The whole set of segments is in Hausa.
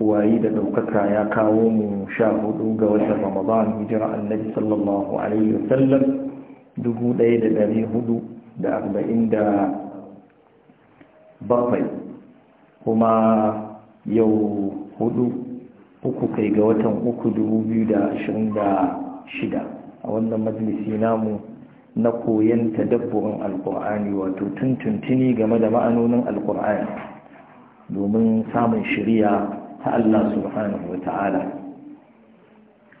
wayi da ɗaukaka ya kawo mu sha hudu ga watan ramadan hijira annabi sallallahu alaihi wasallam dubu ɗaya da ɗari hudu da arba'in da bakwai kuma yau hudu uku kai ga watan uku dubu biyu da ashirin da shida a wannan majalisi namu na koyon tadabburin alkur'ani wato tuntuntuni game da ma'anonin alkur'ani domin samun shirya ta Allah subhanahu wa ta'ala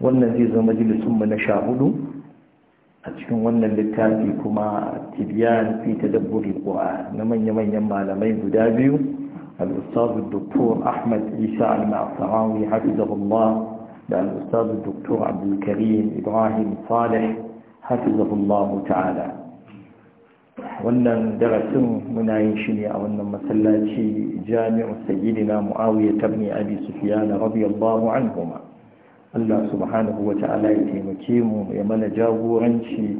wannan zai zama mu na sha hudu a cikin wannan littafi kuma tibiyan fi dabburi qur'an na manya-manyan malamai guda biyu al dr ahmad isa al-ma'sarawi hafizahullah da al-ustaz dr abdul ibrahim salih hafizahullah ta'ala wannan darasin muna yin shi ne a wannan masallaci jami'u sayyidina muawiya tabni abi sufyan radiyallahu anhuma Allah subhanahu wa ta'ala ya taimake mu ya mana jagoranci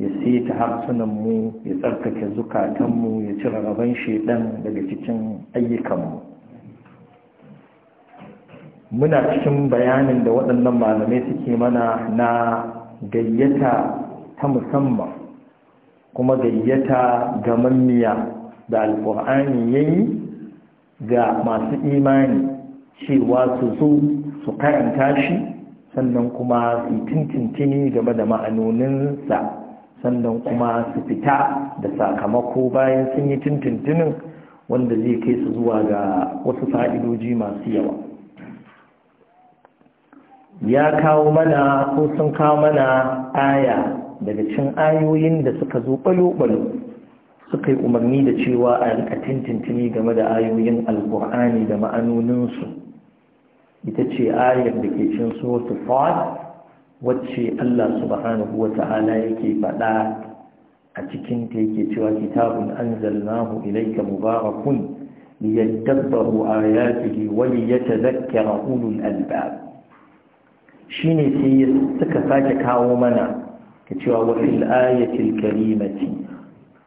ya sita harsunan mu ya tsarkake zukatan mu ya cire rabon shedan daga cikin ayyukan mu muna cikin bayanin da waɗannan malamai suke mana na gayyata ta musamman kuma gayyata ga mamiya da alkur'ani yayi ga masu imani cewa su zo su karanta shi sannan kuma su tintintini game da ma'anoninsa sannan kuma su fita da sakamako bayan sun yi tintintinin wanda zai kai su zuwa ga wasu fa'idodi masu yawa ya kawo mana ko sun kawo mana aya daga cin ayoyin da suka zo ɓalo-ɓalo, suka yi umarni da cewa a rika tintintini game da ayoyin alkur'ani da ma'anoninsu ita ce ayar da ke cin suratu fad wacce Allah subhanahu wa ta'ala yake faɗa a cikin ta yake cewa kitabun anzalnahu ilayka mubarakun liyadabbaru ayatihi wa liyatadhakkara ulul albab shine sai suka sake kawo mana ta cewa wafil ayatil kalimati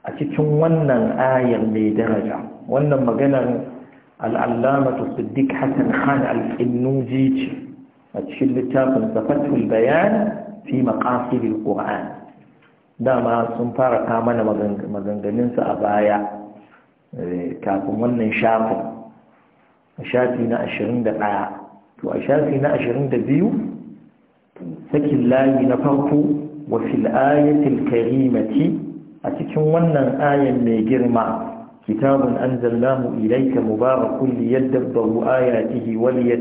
a cikin wannan ayar mai daraja wannan maganar al'allamatu siddiq hassan khan al'innuji ce a cikin littafin zafatul bayan fi maqasidil qur'an dama sun fara kamana maganganunsa a baya eh, kafin wannan shafin shafi na 21 to a shafi na 22 sakin layi na farko Wa ayatul karimati a cikin wannan ayan mai girma kitabun an zalla mu ilaika mubarakun liyadda babu ayatihi wani ya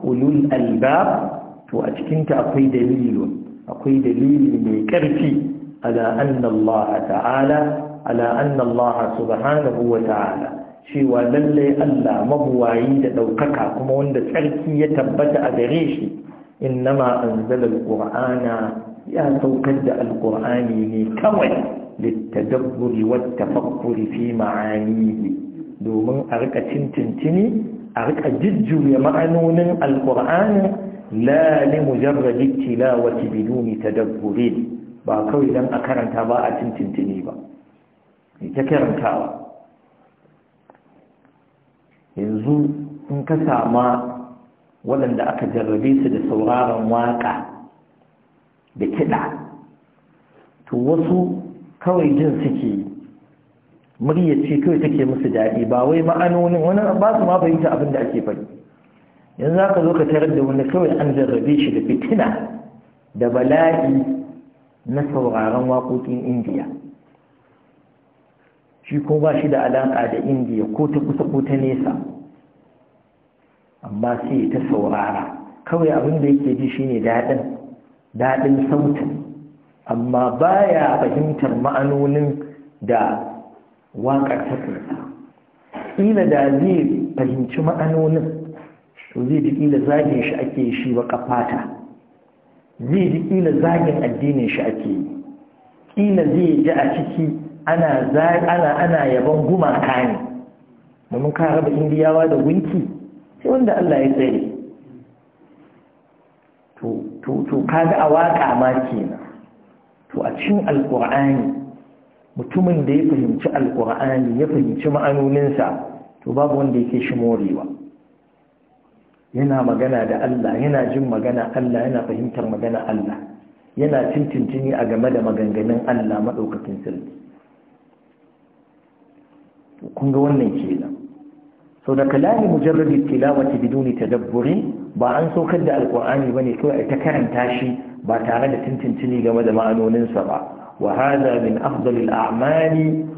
ulul alba to a cikinta akwai dalilu akwai dalili mai ƙarfi ala annallaha ta'ala ala annallaha subhanahu wa ta'ala cewa lallai allah mabuwayi da ɗaukaka kuma wanda tsarki ya tabbata a gare shi innama an zalar ƙura'ana يا توقد القرآن لكوي للتدبر والتفكر في معانيه دوما أرقى تنتنتني أرقى ججو معنون القرآن لا لمجرد التلاوة بدون تدبر باكوي لم أكرن تباء تنتنتني با يتكرن كاوى يزول انكسى ما ولن دا أكجربيس دا واقع da kiɗa to wasu kawai jin suke murya ce kawai take musu daɗi ba wai ma'anonin wani ba su ma fahimta abin da ake faɗi yanzu za ka zo ka tarar da wani kawai an jarrabe shi da fitina da bala'i na sauraron waƙoƙin indiya shi ko ba shi da alaƙa da indiya ko ta kusa ko ta nesa amma sai ta saurara kawai abin da yake ji shine daɗin daɗin sautin amma baya fahimtar ma'anonin da waƙar ta kunsa ƙila da zai fahimci ma'anonin to zai ji ƙila zagin shi ake shi wa ƙafata zai ji ƙila zagin addinin shi ake yi ƙila zai ji a ciki ana ana yaban gumaka ne domin ka raba indiyawa da gunki sai wanda Allah ya tsare to to kaga a waka ma kenan to a cikin alqur'ani mutumin da ya fahimci alqur'ani ya fahimci ma'anoninsa to babu wanda yake shi morewa yana magana da Allah yana jin magana Allah yana fahimtar magana Allah yana tintintini a game da maganganun Allah madaukakin sarki kun ga wannan kenan sau da kalami mujarrabi tilawati biduni tadabburi ba an saukar da alkur'ani bane kawai ta karanta shi ba tare da tintintini game da ma'anoninsa ba وهذا من أفضل الأعمال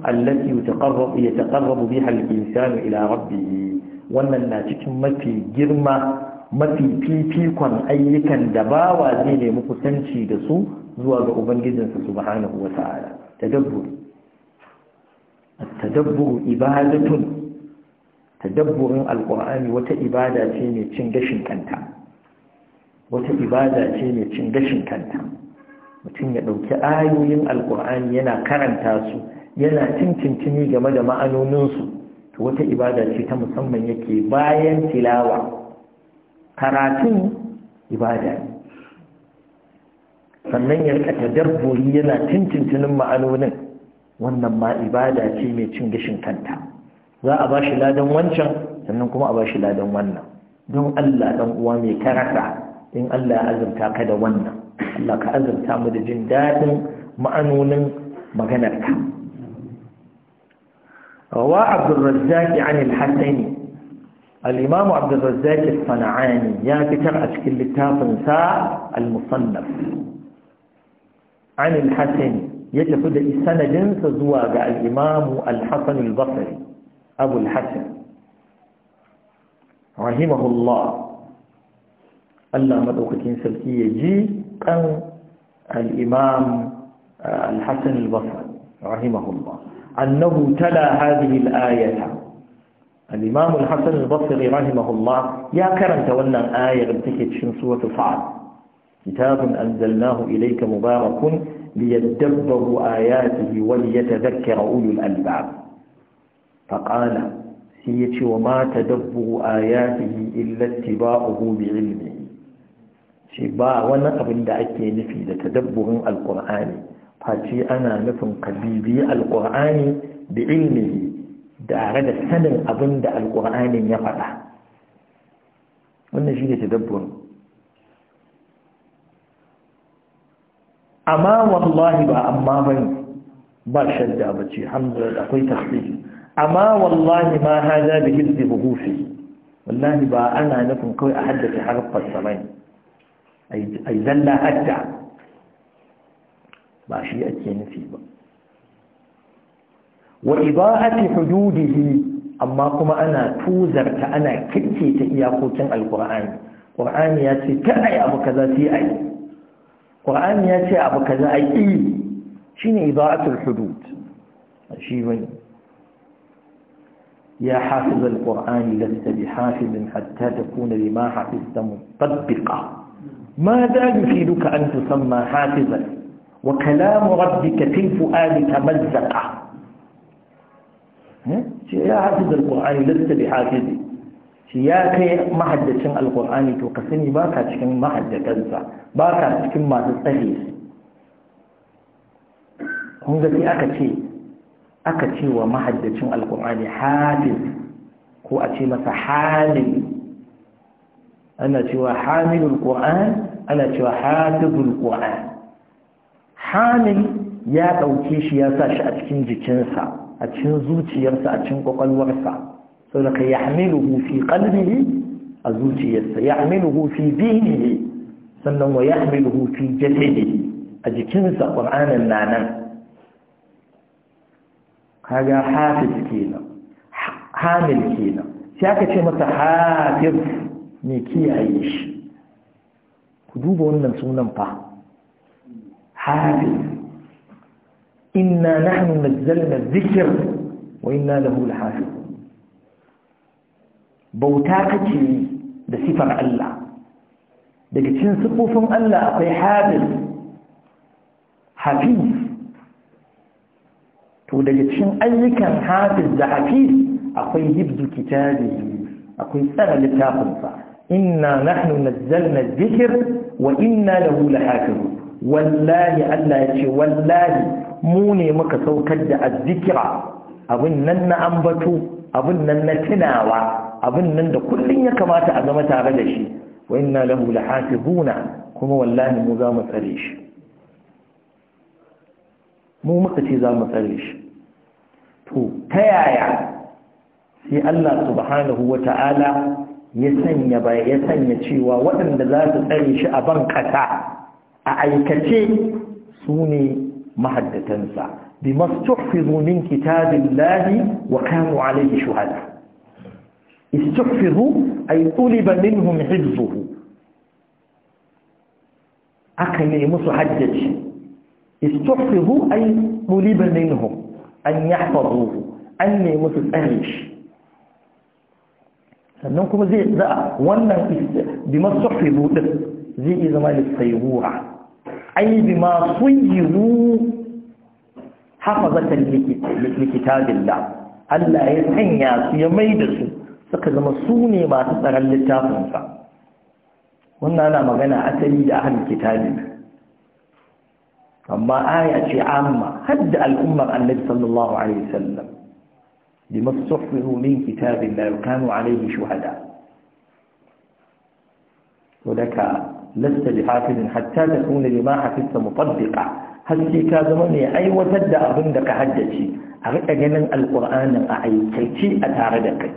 التي يتقرب, يتقرب بها insanu ila rabbi. wannan na cikin mafi girma mafi fifikon ayyukan da bawa zai nemi kusanci da su zuwa ga ubangijinsa subhanahu wa ta'ala tadabbur at-tadabbur ibadatun tadabburin alkur'ani wata ibada ce mai cin gashin kanta wata ibada ce mai cin gashin kanta mutum ya ɗauki ayoyin alkur'ani yana karanta su yana cincintini game da ma'anoninsu to wata ibada ce ta musamman yake bayan tilawa karatun ibada sannan ya tadabburi yana cincintinin ma'anonin wannan ma ibada ce mai cin gashin kanta za a ba shi ladan wancan sannan kuma a ba shi ladan wannan don Allah dan uwa mai karasa in Allah ya azurta ka da wannan Allah ka azurta mu da jin daɗin ma'anonin maganarka rawa abdurrazzaq an al-hasani al-imam abdurrazzaq al-sana'ani ya fitar a cikin littafin sa al-musannaf an al-hasani ya tafi da sanadinsa zuwa ga al-imam al-hasan al-basri أبو الحسن رحمه الله الله مدوكتين سلكية جي كان الإمام آه، الحسن البصري رحمه الله أنه تلا هذه الآية الإمام الحسن البصري رحمه الله يا كرم تولى الآية ابتكت شنسوة صعب كتاب أنزلناه إليك مبارك ليدبروا آياته وليتذكر أولو الألباب faƙala sai ya ce wa mata dabbu a yafi illatti ba a gobe ilmi ce ba wani abin da ake nufi da tadabburin alƙur'ani face ana nufin kabibi alƙur'ani da ilmi tare da sanin abin da alƙur'anin ya faɗa wannan shi ne tadabburin amma wallahi ba amma bane ba shadda ba ce akwai tasiri أما والله ما هذا بجلد بغوفي والله با أنا نكون كوي في حرف السمين أي ذلا أدع ما شيء أتين فيه وإضاءة حدوده أما كما أنا توزر كأنا كتي تأياقوت القرآن القرآن ياتي كأي أبو كذا في أي القرآن ياتي أبو كذا أي شين إضاءة الحدود شيء وين يا حافظ القرآن لست بحافظ حتى تكون لما حفظت مطبقا ماذا يفيدك أن تسمى حافظا وكلام ربك في فؤادك مزقا يا حافظ القرآن لست بحافظ يا كي محدثين القرآن توقسني باكا تكن محدثنسا باكا تكن ما تستهيس هم ذاتي أكتشي aka ce wa mahaddacin alkur'ani hafiz ko a ce masa hamil ana cewa hamilul qur'an ana cewa hafizul qur'an hamil ya ɗauke shi ya sa shi a cikin jikinsa a cikin zuciyarsa a cikin kwakwalwarsa saboda ka yahmiluhu fi qalbihi a zuciyarsa yahmiluhu fi dinihi sannan wa yahmiluhu hufi jasadihi a jikinsa na nanan kaga hafiz kenan hamil kenan sai aka ce masa hafiz ne kiyaye shi ku duba wannan sunan fa hafiz inna nahnu nazzalna dhikr wa inna lahu lahafiz bauta kake da sifar Allah daga cikin sifofin Allah akwai hafiz hafiz to daga cikin ayyukan hafiz da hafiz akwai hibzu kitabi akwai tsara littafinsa inna nahnu nazzalna dhikr wa inna lahu lahafizun wallahi Allah ya ce wallahi mu ne muka saukar da azzikira abin nan na ambato abin nan na tunawa abin nan da kullun ya kamata a zama tare da shi wa inna lahu lahafizuna kuma wallahi mu za mu tsare shi mu muka ce za mu tsare shi to ta yaya sai Allah subhanahu wa ta'ala ya sanya ba ya sanya cewa waɗanda za su tsare shi a ban a aikace su ne mahaddatansa bi mastuhfizu min kitabillahi wa kanu alayhi shuhada istuhfizu ay tuliba minhum hifzuhu aka nemi su haddace istuhfizu ay tuliba minhum an yahfazuhu an nemi su tsare shi sannan kuma zai za wannan bi masuhfizu din zai iya zama lissayyura ai bi ma suyiru hafazatan likitabillah Allah ya sanya su ya maida su suka zama su ne masu tsaron littafinsa wannan ana magana asali da ahlul kitabi أما آية عامة هدأ الأمة عن النبي صلى الله عليه وسلم لما استحفظوا من كتاب الله وكانوا عليه شهداء ولك لست بحافظ حتى تكون لما حفظت مطبقا هل في كذا أي وتدى أبندك حجتي أريد أن القرآن أعي كيتي أتعردك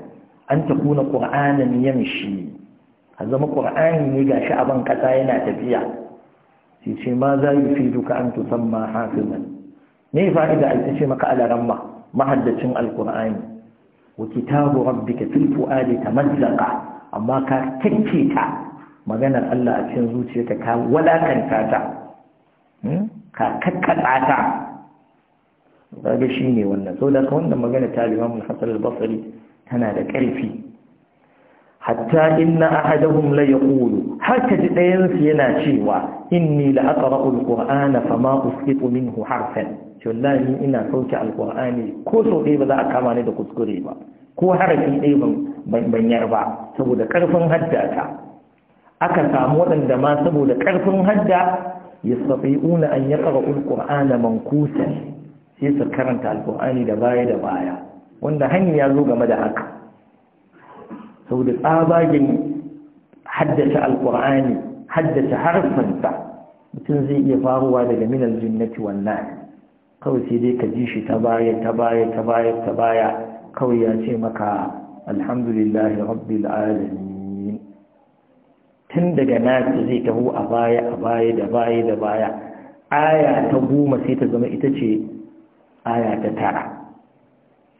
أن تكون قرآنا يمشي هذا ما قرآن يجاش أبن كتاين أتبيع Cice ce ma za yi fi duka an tusamma hafizan ne fa'ida a ita ce maka alaramma mahaddacin alkur'ani wa kitabu rabbika fil ta tamaddaqa amma ka kike ta maganar Allah a cikin zuciyarta, ka walakanta ta hmm? ka kakkata ta kaga shine wannan saboda wannan magana ta Imam Hassan al tana da ƙarfi hatta inna ahadahum la yaqulu haka ji ɗayansu yana cewa inni la aqra'u alqur'ana fama usqitu minhu harfan to wallahi ina sauke alqur'ani ko so dai ba za a kama ni da kuskure ba ko harafi dai ban ban ba saboda karfin hadda ta aka samu wadanda ma saboda karfin hadda yastati'una an yaqra'u alqur'ana mankusan sai su karanta alqur'ani da baya da baya wanda hanya ya zo game da haka saboda tsabagen haddasa alkur'ani haddasa harfansa mutum zai iya faruwa daga minal jinnati wannan kawai sai dai ka ji shi ta baya ta baya ta baya ta baya kawai ya ce maka alhamdulillah rabbil alamin tun daga nasi zai taho a baya a baya da baya da baya aya ta goma sai ta zama ita ce aya ta tara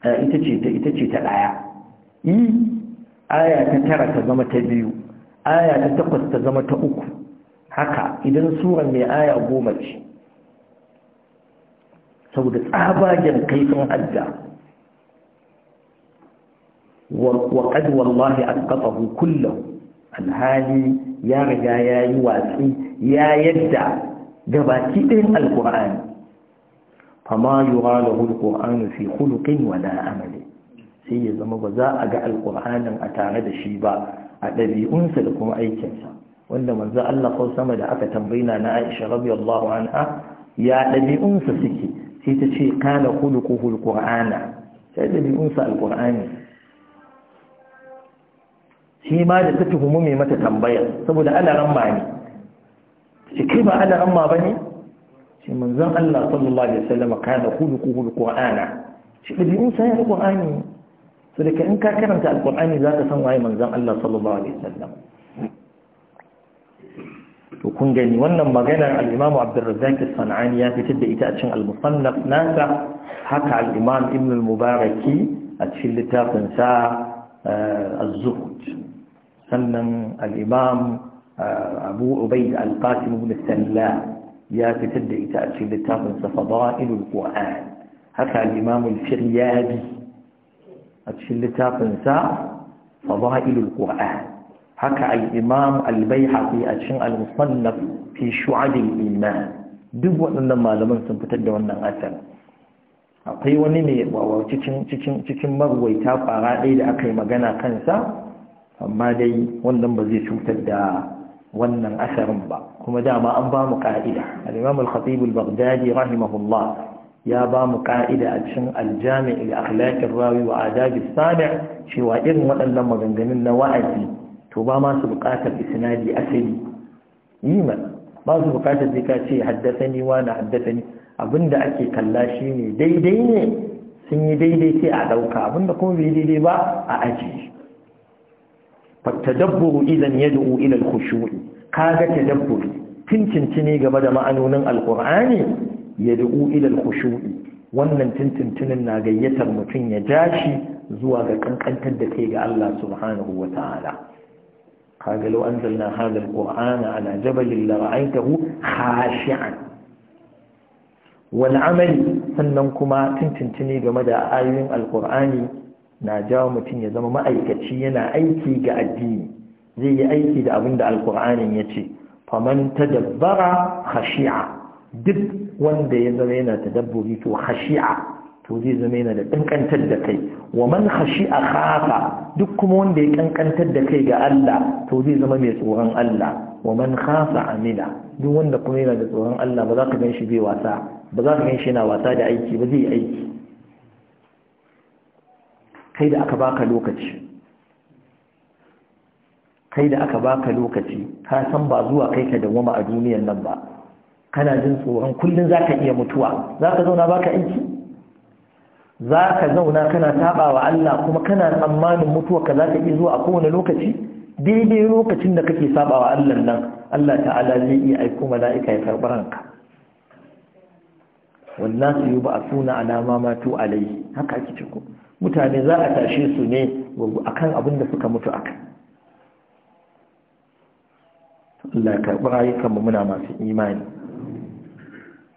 eh, ita ce ta ita ce ta daya aya ta tara ta zama ta biyu aya ta takwas ta zama ta uku haka idan sura mai aya goma ce saboda tsabagen kaifin hajja wa qad wallahi asqatahu kullum alhali ya riga ya yi watsi ya yadda gabaki ɗin alkur'ani fama yura lahu alkur'ani fi khuluqin wala amali sai ya zama ba za a ga alƙur'anin a tare da shi ba a ɗabi'unsa da kuma aikinsa wanda manzo Allah ko sama da aka tambayina na Aisha radiyallahu anha ya ɗabi'unsa suke sai ta ce kana khuluquhu alqur'ana sai ɗabi'unsa alqur'ani shi ma da ta tuhumu mai mata tambayar. saboda ana ramma ne shi kai ba ana ramma bane shi manzon Allah sallallahu alaihi wasallam kana khuluquhu alqur'ana shi ɗabi'unsa ya alqur'ani to da in ka karanta alkur'ani za ka san waye manzon Allah sallallahu alaihi wasallam to kun gani wannan maganar al-Imam Abdurrazzaq as-Sanani ya fitar da ita a cikin al-Musannaf nasa haka al-Imam Ibn al-Mubaraki a cikin littafin sa az-Zuhd sannan al-Imam Abu Ubayd al-Qasim ibn Sallah ya fitar da ita a cikin littafin sa Fadailul Qur'an haka al-Imam al-Firyabi a cikin littafinsa fada'ilul qur'an haka al-imam al-baihaqi a cikin al-musannaf fi shu'abil iman duk waɗannan malaman sun fitar da wannan asar akwai wani ne cikin cikin cikin marwaita fara ɗaya da aka yi magana kansa amma dai wannan ba zai cutar da wannan asarin ba kuma dama an ba mu ka'ida al-imam al-khatib al-baghdadi rahimahullah ya ba mu ka'ida a cikin aljami da akhlaqir rawi wa adabi sami' cewa irin waɗannan maganganun na wa'azi to ba ma su buƙatar isnadi asali yima ba su buƙatar sai ka ce haddathani wa na haddathani abinda ake kalla shi ne daidai ne sun yi daidai sai a ɗauka abinda kuma bai daidai ba a aji fattadabburu idan yad'u ila al-khushu'i kaga tadabburi tuncinci ne game da ma'anonin alqur'ani ya dubu ilal khushu'i wannan tintintinin na gayyatar mutum ya jashi zuwa ga kankantar da kai ga Allah subhanahu wa ta'ala kaga law anzalna hadha alqur'ana ala jabalin la ra'aytahu khashi'an wal amali sannan kuma tintintini game da ayoyin alqur'ani na jawo mutum ya zama ma'aikaci yana aiki ga addini zai yi aiki da abin da alqur'anin yace faman tadabbara khashi'a duk wanda ya zama yana ta dabbobi to hashi'a to zai zama yana da kankantar da kai wa man hashi'a khafa duk kuma wanda ya ƙanƙantar da kai ga Allah to zai zama mai tsoron Allah wa man khafa amila duk wanda kuma yana da tsoron Allah ba za ka ganshi bai wasa ba za ka ganshi yana wasa da aiki ba zai aiki kai da aka baka lokaci kai da aka baka lokaci ka san ba zuwa kai ka dawwama a duniyar nan ba kana jin tsoron kullum za ka iya mutuwa za ka zauna baka aiki za ka zauna kana taɓa wa Allah kuma kana tsammanin mutuwa ka za ka iya zuwa a kowane lokaci daidai lokacin da kake saba wa Allah nan Allah ta'ala zai iya aiko mala'ika ya karɓar ranka wannan su yi ba a suna alama matu alai haka ake ce ko mutane za a tashe su ne akan abin da suka mutu akan Allah ya karɓi rayukanmu muna masu imani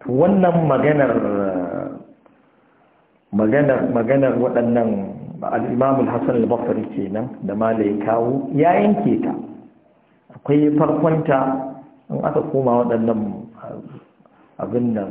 wannan maganar maganar maganar waɗannan al'imamul hassan al-bakari kenan da malaye kawo ya yanke ta akwai farkonta in aka koma waɗannan abin nan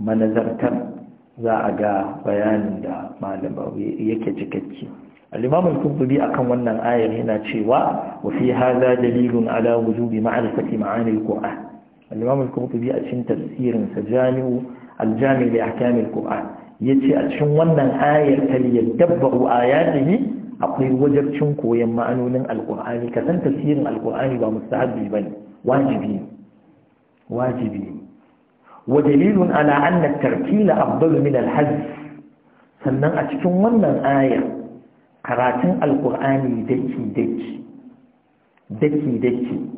manazartar za a ga bayanin da malama yake cikakke al'imamul kububi akan wannan ayar yana cewa wa fi haza dalilun ala wujubi ma'arifati ma'anil qur'an al-imam a cikin tafsirin sa jami'u al-jami' li ahkam al-qur'an a cikin wannan ayar ta yadabbaru ayatihi akwai wajen cin koyon ma'anonin al-qur'ani ka san tafsirin al-qur'ani ba mustahabbi bane wajibi wajibi wa dalilun ala anna at-tartila al-hajj sannan a cikin wannan ayar karatun al-qur'ani daki daki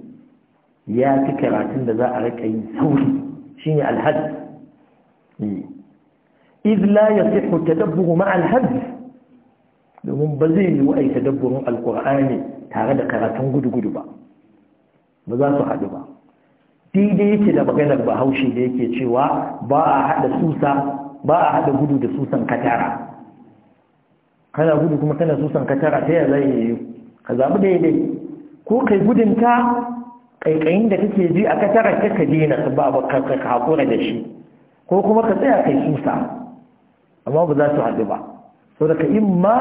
ya fi karatun da za a rika yi sauri shine alhad ya لا يصح التدبر مع الهدف domin ba zai yi wa'ai tadabburin alkur'ani tare da karatun gudu-gudu ba ba za su haɗu ba daidai yake da maganar bahaushe da yake cewa ba a haɗa susa ba a haɗa gudu da susan katara kana gudu kuma kana susan katara ta yaya zai yi ka zaɓi daidai ko kai gudun gudunta ƙaiƙayin da kake ji a kasarar ka ka dena ka ba ka haƙura da shi ko kuma ka tsaya kai susa amma ba za su haɗu ba sau daga imma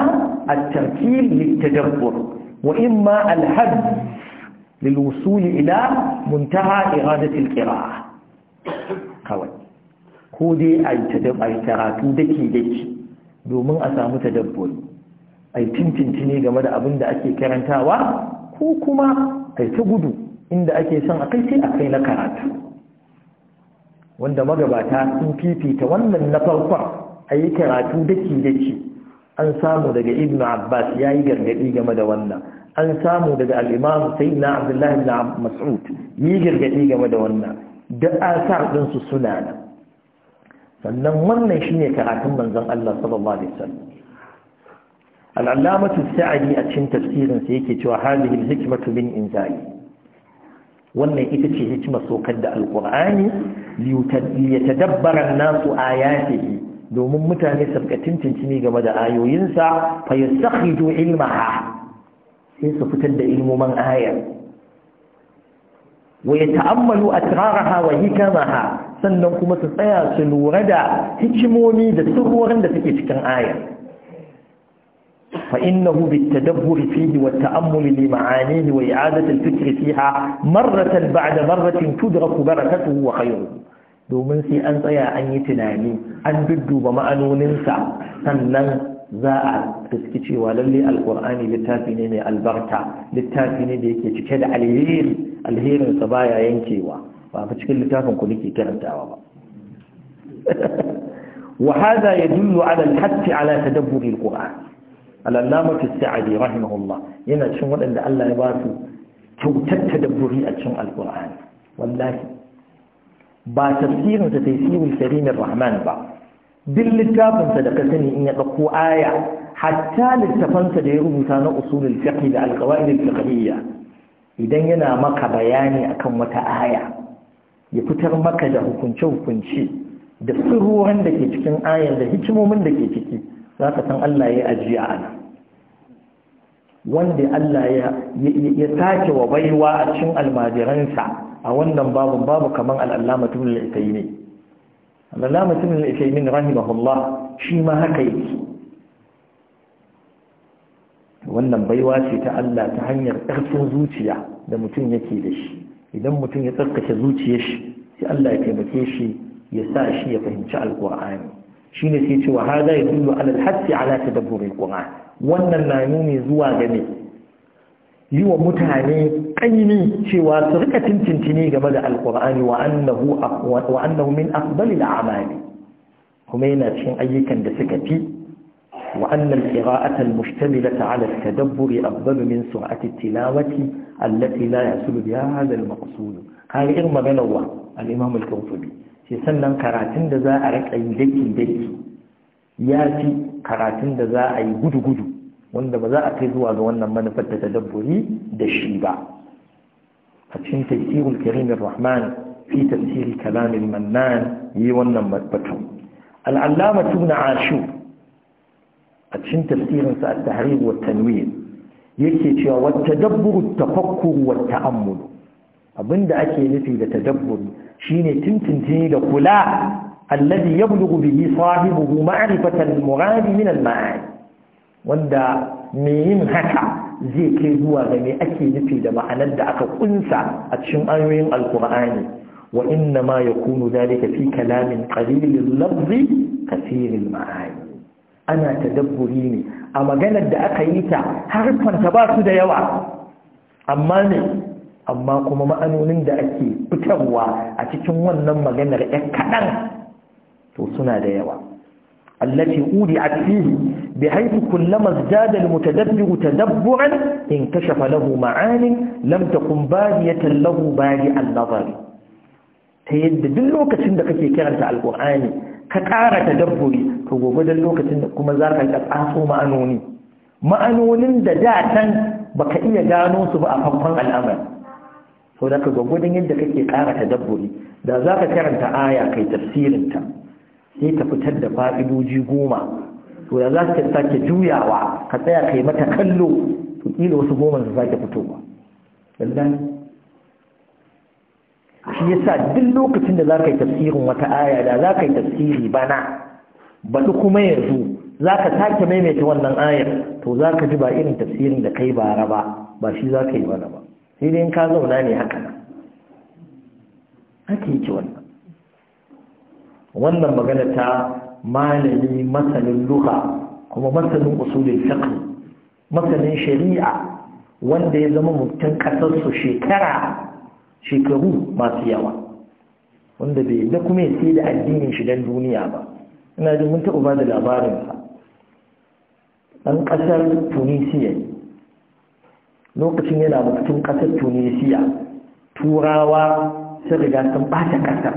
a tarkir littadabbur wa imma alhad للوصول إلى منتهى إرادة القراءة kawai ko dai a yi karatu daki-daki domin a samu tadabburi a yi tintintini game da abin da ake karantawa ko kuma a ta gudu inda ake son a kai sai na karatu wanda magabata sun fifita wannan na farkon a yi karatu daki-daki an samu daga ibn abbas ya yi gargaɗi game da wannan an samu daga al'imam sai na abdullahi na mas'ud yi gargaɗi game da wannan da asar ɗinsu suna nan sannan wannan shine karatun manzon Allah sallallahu alaihi wasallam al-allamatu a cikin tafsirin sa yake cewa hadhihi hikimatu bin min inzali wannan ita ce hikimar saukar da alkur'ani liyatadabbaran nasu ayatihi domin mutane sabkatin cincini game da ayoyinsa fa yastakhidu ilmaha sai su fitar da ilmoman ayar wa yata'ammalu atraraha wa hikamaha sannan kuma su tsaya su lura da hikimomi da tsoron da suke cikin ayar فإنه بالتدبر فيه والتأمل لمعانيه وإعادة الفكر فيها مرة بعد مرة تدرك بركته وخيره دومن سي أن تيا أن يتناني أن بدو بما أنو ننسى سنن زاء تسكتي وللي القرآن للتاتيني من البركة للتاتيني بيكي تكاد عليهير الهير صبايا ينكيوا فأفتشكل لتاتهم كنكي كرمتا وابا وهذا يدل على الحث على تدبر القرآن al'allama sa'adi rahimahullah yana cin waɗanda Allah ya ba su kyautar buri a cin alƙur'ani wallahi ba tafsirinsa ta yi karimin rahman ba Bin littafinsa da ka sani in ya ɗauko aya hatta littafansa da ya rubuta na usulul fiqh da alqawaid al idan yana maka bayani akan wata aya ya fitar maka da hukunce hukunce da sirruwan da ke cikin ayar da hikimomin da ke ciki za ka san Allah ya ajiya ana wanda Allah ya take wa baiwa a cikin almajiransa a wannan babu babu kaman al'allamatul al-itaymi al'allamatul al-itaymi rahimahullah shi ma haka yake wannan baiwa ce ta Allah ta hanyar ƙarfin zuciya da mutum yake da shi idan mutum ya tsarkake zuciyar shi sai Allah ya taimake shi ya sa shi ya fahimci alƙur'ani shi ne sai cewa har za yi dillo alal hatsi ala ta dabbobin kuma wannan na nuni zuwa gane yi wa mutane ƙaimi cewa su rika game da Alƙur'ani wa annahu min asbali da amali kuma yana cikin ayyukan da suka fi wa annan ƙira'atan mushtamilata ala ta dabbobi abbalu min su'ati tilawati allati la ya sulu biya hadal maqsudu kayan irin maganar wa al-imamul kawfabi sannan karatun da za a raƙa yi daki-daki ya fi karatun da za a yi gudu-gudu wanda ba za a kai zuwa ga wannan manufar da tadabburi da shi ba a cikin tafsirul karimin rahman fi tafsiri kalamin mannan yi wannan batu al'allama tuna ashu a cikin sa a tahrir wa tanwir yake cewa wata dabburu tafakkuru wa ammulu. abinda ake nufi da tadabburi shine tintintini da kula alladi yablughu bihi sahibuhu ma'rifatan al muradi min al wanda me yin haka zai kai zuwa ga me ake nufi da ma'anar da aka kunsa a cikin ayoyin alkur'ani wa inna ma yakunu zalika fi kalamin qalilil lafzi kathiril ma'ani ana tadabburi ne a maganar da aka yi ta harfanta ba su da yawa amma ne amma kuma ma'anonin da ake fitarwa a cikin wannan maganar ɗan kaɗan to suna da yawa allafi uri a fili bi haifi kullama zadal mutadabbiru tadabburan in kashafa lahu ma'anin lam takun bari ya tallahu bari al-nazari ta yadda duk lokacin da kake kiranta al-qur'ani ka ƙara tadabburi to gobe duk lokacin da kuma za ka ga tsaso ma'anoni ma'anonin da da can baka iya gano su ba a faɗan al'amari sau da ka gwagwadon yadda kake ƙara ta dabbori da za ka karanta aya kai tafsirinta sai ta fitar da fa'idoji goma to da za ka sake juyawa ka tsaya kai mata kallo to kila wasu goma su sake fitowa shi yasa duk lokacin da za ka yi tafsirin wata aya da za ka yi tafsiri bana baɗi kuma yanzu za ka sake maimaita wannan ayar to za ka ji ba irin tafsirin da kai bara ba ba shi za ka yi bana ba sai dai ka zauna ne haka nan haka yake wannan wannan magana ta malami masanin luka kuma masanin usulin fiqh masanin shari'a wanda ya zama mutum kasarsu shekara shekaru masu yawa wanda bai da kuma ya da addinin shi don duniya ba ina jin mun taɓa ba da labarinsa ɗan ƙasar tunisiya lokacin yana mutum ƙasar tunisiya turawa sun riga sun ɓata ƙasar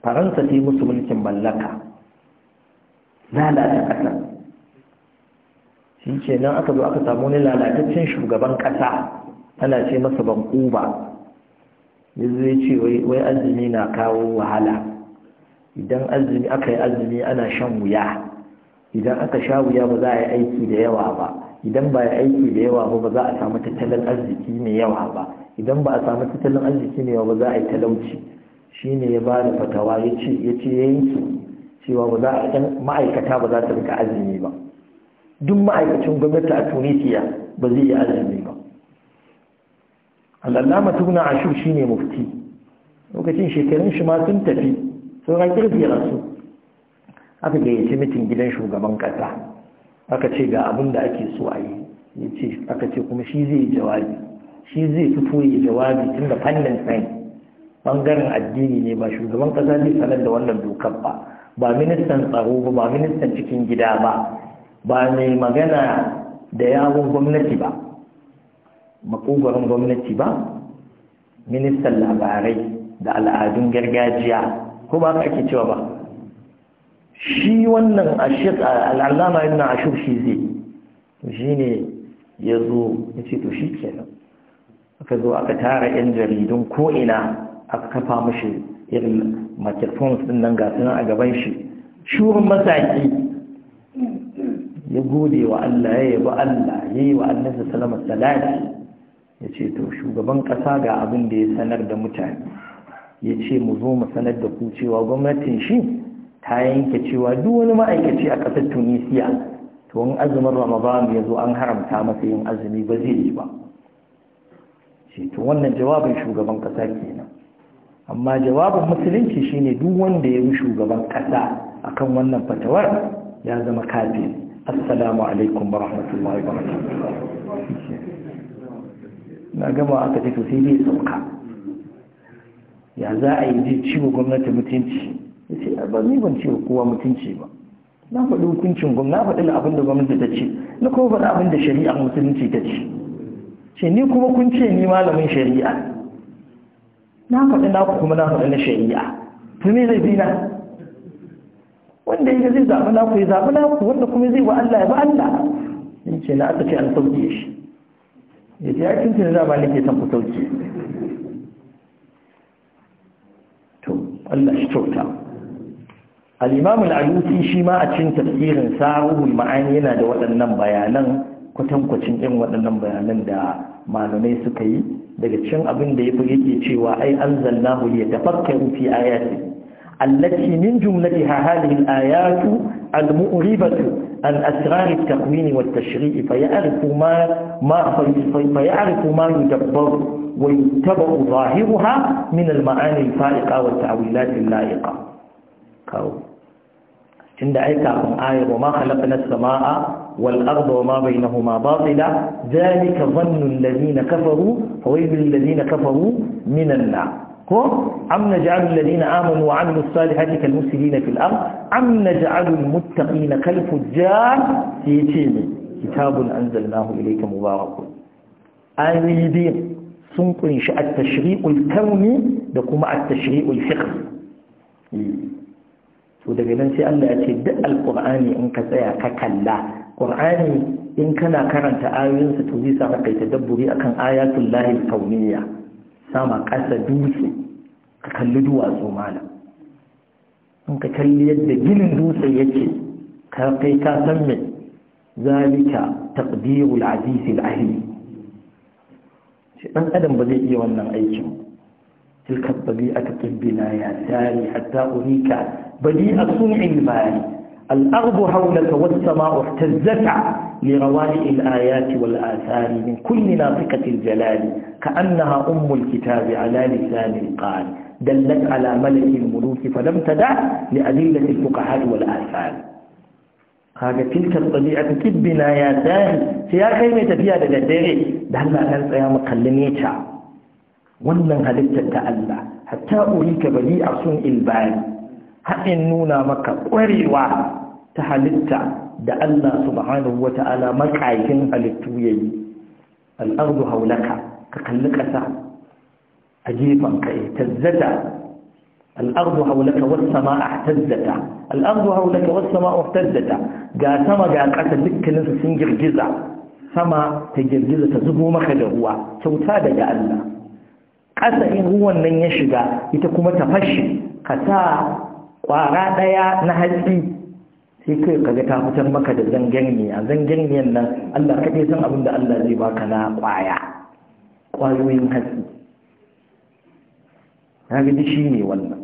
faransa ta musu mulkin mallaka lalata ƙasar shi ke nan aka zo aka samu wani lalataccen shugaban ƙasa ana ce masa ban bankuba yanzu ya ce wai azumi na kawo wahala idan azumi aka yi azumi ana shan wuya idan aka sha wuya ba za a yi aiki da yawa ba idan ba ya aiki da yawa ba ba za a samu tattalin arziki mai yawa ba idan ba a samu tattalin arziki mai yawa ba za a yi talauci shine ya ba da fatawa ya ce ya ce yanki cewa ba za a ma'aikata ba za ta rika azumi ba duk ma'aikacin gwamnati a tunisiya ba zai yi azumi ba al'allama tuna shi ne mufti lokacin shekarun shi ma sun tafi sauran rasu aka gayyaci mitin gidan shugaban ƙasa aka ce ga abin da ake so a yi ya aka ce kuma shi zai jawabi shi zai fito yi jawabi tun da fannin sain bangaren addini ne ba shugaban ƙasa zai sanar da wannan dokar ba ba ministan tsaro ba ba ministan cikin gida ba ba mai magana da yawon gwamnati ba makogarin gwamnati ba ministan labarai da al'adun gargajiya ko ba ka ake cewa ba shi wannan ashir al'allama ibn ashur shi zai shi ne ya zo ya ce to shi kenan aka zo aka tara yan jaridun ko'ina aka kafa mashi irin microphones din nan gasu nan a gaban shi shurin masaki ya gode wa Allah ya yabi Allah ya yi wa annasa salama salati ya ce to shugaban ƙasa ga abin da ya sanar da mutane ya ce mu zo mu sanar da ku cewa gwamnatin shi ta yanke cewa duk wani ma'aikaci a ƙasar tunisiya to in azumin ramadan ya zo an haramta masa yin azumi ba zai yi ba shi to wannan jawabin shugaban ƙasa kenan amma jawabin musulunci shine duk wanda ya yi shugaban ƙasa akan wannan fatawar ya zama kafin assalamu alaikum wa rahmatullahi wa na gama aka ce to sai dai sauka ya za a yi ji ciwo gwamnati mutunci sai ce ba ni ban ce kowa mutunci ba na faɗi hukuncin gwamna na faɗi abin da gwamnati ta ce na kuma faɗi abin da shari'a musulunci ta ce ce ni kuma kun ce ni malamin shari'a na faɗi na kuma na faɗi na shari'a to me zai dina wanda ya zai zaɓi naku ya zaɓi naku wanda kuma zai wa Allah ya ba Allah in ce na aka ce an sauke shi ya ce yakin tuni za ba nake son ku sauke to Allah shi kyauta al-imam al-alusi shi ma a cin tafsirin sa'ul ma'ani yana da waɗannan bayanan kwatankwacin irin waɗannan bayanan da malamai suka yi daga cikin abin da ya yake cewa ai anzalnahu liyatafakkaru fi ayati allati min jumlatiha ha halin ayatu al-mu'ribatu an asrari takwini taqwin wa at-tashri' fa ya'rifu ma ma fa ya'rifu ma yudabbaru ويتبع ظاهرها من المعاني الفائقة والتعويلات اللائقة inda ai kafin ayar wa ma khalaqna samaa wal arda wa ma bainahuma batila zalika dhannu alladhina kafaru fawailul alladhina kafaru minan ko am naj'alu alladhina amanu wa 'amilus salihati kal mufsidina fil ard am naj'alu al muttaqina kal fujjar yace ne kitabun anzalnahu ilayka mubarakun ayyidin sun kunshi at-tashri'ul kawni da kuma at-tashri'ul fiqhi eh. to daga nan sai Allah ya ce duk alqur'ani in ka tsaya ka kalla qur'ani in kana karanta ayoyinsa to zai sa kai tadabburi akan ayatul lahi kauniyya sama kasa dutse ka kalli duwatsu mana. in ka kalli yadda ginin dutse yake ka kai ka san me zalika taqdirul aziz al ahli shi dan adam ba zai iya wannan aikin تلك الطبيعة كالبنايات تالي حتى أريك بديع صنع المال الأرض حولك والسماء اهتزت لروائع الآيات والآثار من كل ناطقة الجلال كأنها أم الكتاب على لسان القال دلت على ملك الملوك فلم تدع لأدلة الفقهاء والآثار kaga tilkar tsabi'a ta kibbina ya tsari sai ya kai mai tafiya da daddare da Allah kan tsaya mu kalli neta wannan halittar ta Allah hatta urika bali a sun ilbari haɗin nuna maka ƙwarewa ta halitta da Allah subhanahu wata'ala makayin halittu yayi al'ardu haulaka ka kalli ƙasa a gefen ka eh, tazzata al'adu haulaka wasu sama a tazzata al'adu haulaka wasu sama a tazzata ga sama ga ƙasa dukkaninsu sun girgiza sama ta girgiza ta zubo maka da ruwa kyauta daga Allah ƙasa in ruwan nan ya shiga ita kuma ta fashe ka sa ƙwara ɗaya na hatsi sai kai ka ta fitar maka da zangen zangarniyar nan Allah ka kaɗai san abin da Allah zai baka na ƙwaya ƙwayoyin hatsi Na ga shi ne wannan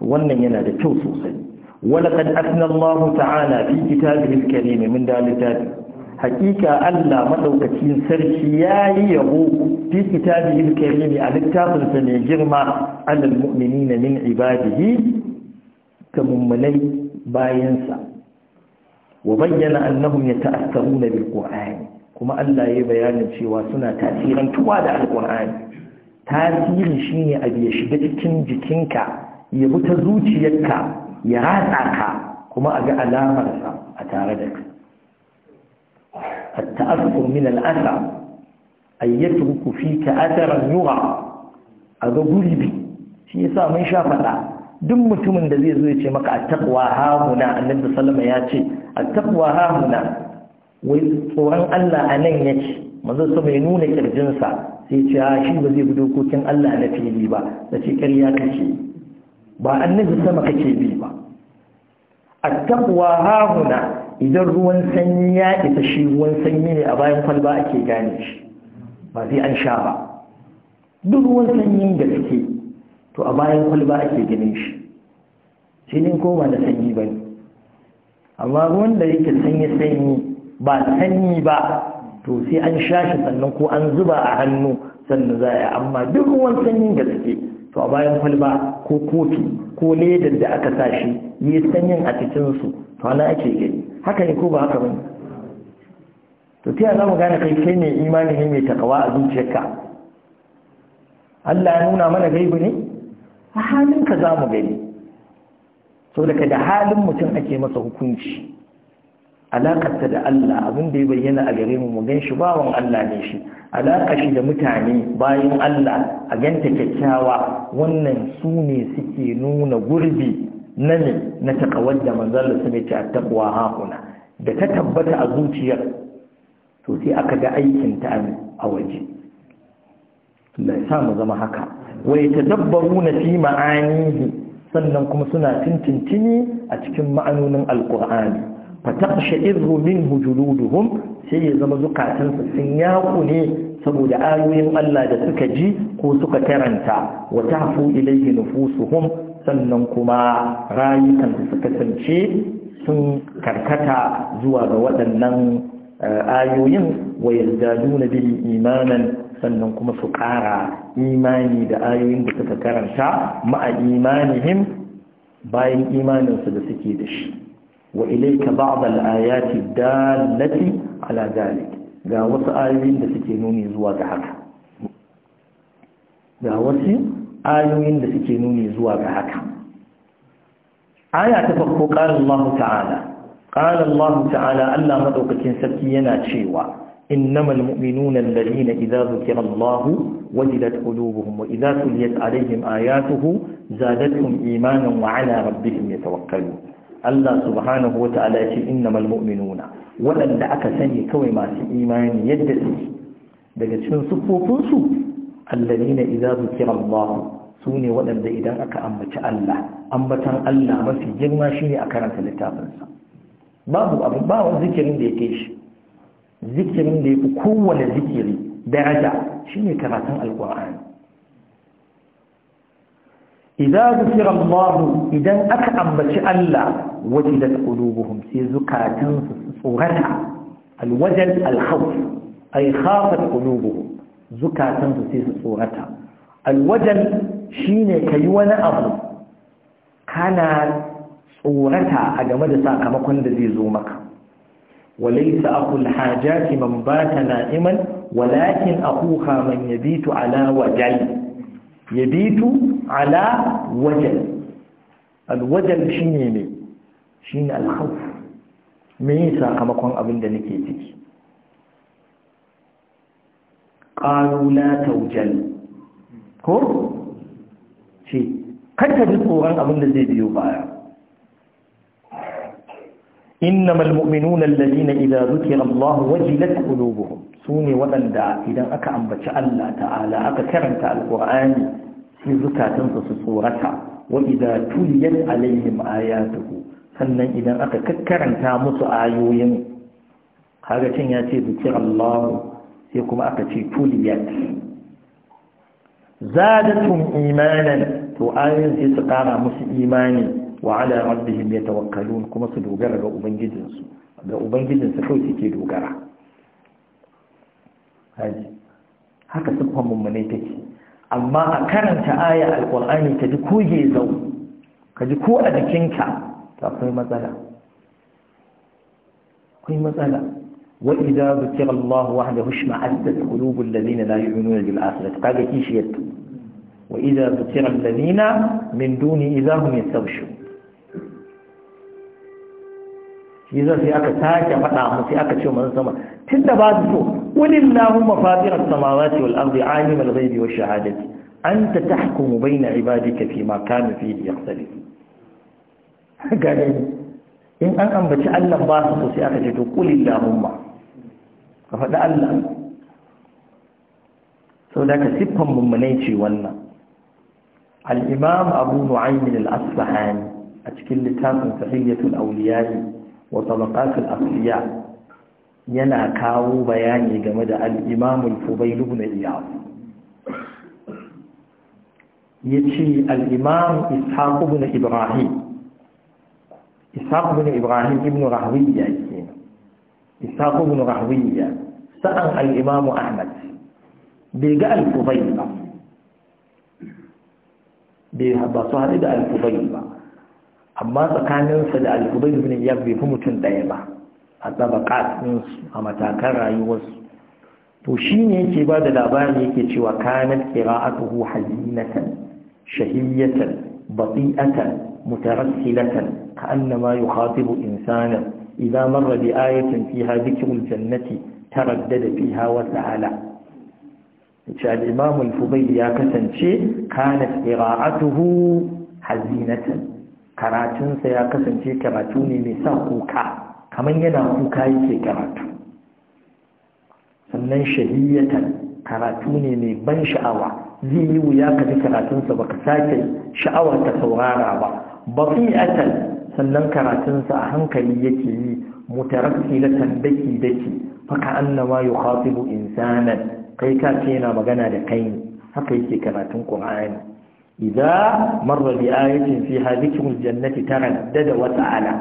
wannan yana da kyau sosai ولقد ta'ala fi kitabihi al-karim min dalil ذلك hakika Allah madaukakin sarki yayi yabo fi kitabihi karimi a littafin sa mai girma alal mu'minina min ibadihi kamummalai bayansa wa bayyana annahum yata'assaruna bil qur'ani kuma Allah ya bayanin cewa suna tasirin tuwa da alqur'ani tasiri shine abi ya shiga cikin jikinka ya bi ta zuciyarka ya ratsa ka kuma a ga alamarsa a tare da kai التأثر من الأثر أن يترك فيك أثرا يرى هذا قلبي شيء يسا من شافتا دم متمن ده زي زي يتمك التقوى ها هنا النبي صلى الله عليه وسلم التقوى ها هنا وصوران الله أنين يتي manzo sama ya nuna kirjinsa sai ce a shi ba zai bi dokokin Allah na fili ba da ce ƙarya kake ba annabi sama kake bi ba at idan ruwan sanyi ya isa shi ruwan sanyi ne a bayan kwalba ake gane shi ba sai an sha ba duk ruwan sanyi da suke to a bayan kwalba ake ganin shi shi ne ko ba da sanyi ba ne amma ruwan da yake sanyi-sanyi ba sanyi ba to sai an sha shi sannan ko an zuba a hannu sannan za a yi amma duk ruwan sanyin da suke to a bayan kwalba ko kofi ko ledar da aka sa shi yi sanyin a cikinsu to ana ake gani haka ne ko ba haka bane to tiya za mu gane kai kai ne imani ne mai takawa a zuciyarka Allah ya nuna mana gaibu ne a ka za mu gani sau daga da halin mutum ake masa hukunci alakarta da Allah abin da ya bayyana a gare mu mu gan shi bawan Allah ne shi alaka shi da mutane bayan Allah a ganta kyakkyawa wannan su ne suke nuna gurbi nan na takawar da manzalla su ne ce a takwa hakuna da ta tabbata a zuciyar to sai aka ga aikin ta a waje Allah ya sa mu zama haka wai ta dabbaru na fi ma'anihi sannan kuma suna tintintini a cikin ma'anonin alkur'ani fatasha irru minhu juluduhum sai ya zama zukatansu sun yaku ne saboda ayoyin Allah da suka ji ko suka karanta wa tahfu ilayhi nufusuhum sannan kuma rayukan su kasance sun karkata zuwa ga waɗannan eh, ayoyin wa yazdaduna bil imanan sannan kuma su ƙara imani da ayoyin da suka karanta ma'a imanihim bayan imaninsu da suke da shi wa ilaika ba'd al-ayati dallati ala zalik ga wasu ayoyin da suke nuni zuwa ga haka ga wasu ayoyin da suke nuni zuwa ga haka aya ta farko qala Allah ta'ala qala Allah ta'ala Allah madaukakin sarki yana cewa innamal mu'minuna alladhina idza dhukira Allah wajilat qulubuhum wa idza tuliyat alaihim ayatuhu zadatuhum imanan wa ala rabbihim yatawakkalun Allah subhanahu wa ta'ala ya ce innamal mu'minuna waɗanda aka sani kawai masu imani yadda suke daga cikin siffofinsu alladina idza zukira Allah su ne waɗanda idan aka ambaci Allah ambatan Allah mafi girma shine a karanta littafinsa babu abu ba zikirin da yake shi zikirin da yake kowane zikiri daraja shine karatun alqur'ani idza zukira Allah idan aka ambaci Allah wajidat qulubuhum sai zukatan su tsorata alwajal alkhawf ay khafat qulubuhum zukatan su sai su tsorata alwajen shi ne ka yi wani abu kana tsorata a game da sakamakon da zai zo maka walaisa akul hajjaki man ba ta na'iman walakin akuka man yabitu ala wajal ala wajal alwajal shi ne mai shi ne alhauf mai yi sakamakon abin da nake ciki ƙaru na taujal ko? ce kanta ji tsoron abinda zai biyo baya inna malmuminuna lalina idan zuke Allah wajilat ƙulubuhun su ne waɗanda idan aka ambaci Allah ta'ala aka karanta alƙur'ani sai zukatansa su tsorata wa idan tuliyar alayhim ayatuhu sannan idan aka kakkaranta musu ayoyin hagacin ya ce zuke Allah sai kuma aka ce tuliyat zadatun imanan to ayin sai su kara musu imani wa ala rabbihim yatawakkalun kuma su dogara ga ubangijinsu ga ubangijinsu kawai suke dogara haji haka siffar mummunai take amma a karanta aya alqur'ani ka ji ko zau ka ji ko a jikinka akwai matsala akwai matsala وإذا ذكر الله وحده اشمعزت قلوب الذين لا يؤمنون بالآخرة قال إيش يد وإذا ذكر الذين من دون إذا هم يستبشرون إذا في أكا تاكا فتعم في أكا شو من السماء تتبادلوا قل اللهم فاطر السماوات والأرض عالم الغيب والشهادة أنت تحكم بين عبادك فيما كان فيه يختلف قال إن إيه؟ أن أنبت أن الله سوسي أكا تقول اللهم ka faɗi Allah sau da ka siffan mummunai ce wannan al'imam abu nu'aymin al'asfahani a cikin littafin sahiyyatul auliyari wa tabaqatul asliya yana kawo bayani game da al'imam al-fubail ibn iyad yace al-imam ishaq ibn ibrahim ishaq ibn ibrahim ibn rahwiyya إسحاق بن رهوية سأل الإمام أحمد بيقى الفضيلة بيهبى صاحب إذا الفضيلة أما كان ينسى إذا الفضيلة بن يبي فمتن دائما حتى بقات ننس أما تاكر رأيوز تشيني كباد الأباني كتوا وكانت قراءته حزينة شهية بطيئة مترسلة كأنما يخاطب إنسانا إذا مر بآية فيها ذكر الجنة تردد فيها وتعالى الإمام الفضيل يا كسن شيء كانت قراءته حزينة karatunsa ya kasance karatu ne mai sa kuka kamar yana kuka yake karatu sannan shahiyatan karatu ne mai ban sha'awa zai yi wuya ka ji karatunsa baka sake sha'awar ta saurara ba Bafi bafi'atan sannan karatunsa a hankali yake yi mutarakki na tandaki dake faka annama yukhatibu insanan kai ka ce yana magana da kai ne haka yake karatun qur'ani idza marra bi ayatin fiha dhikrul jannati da wa ala,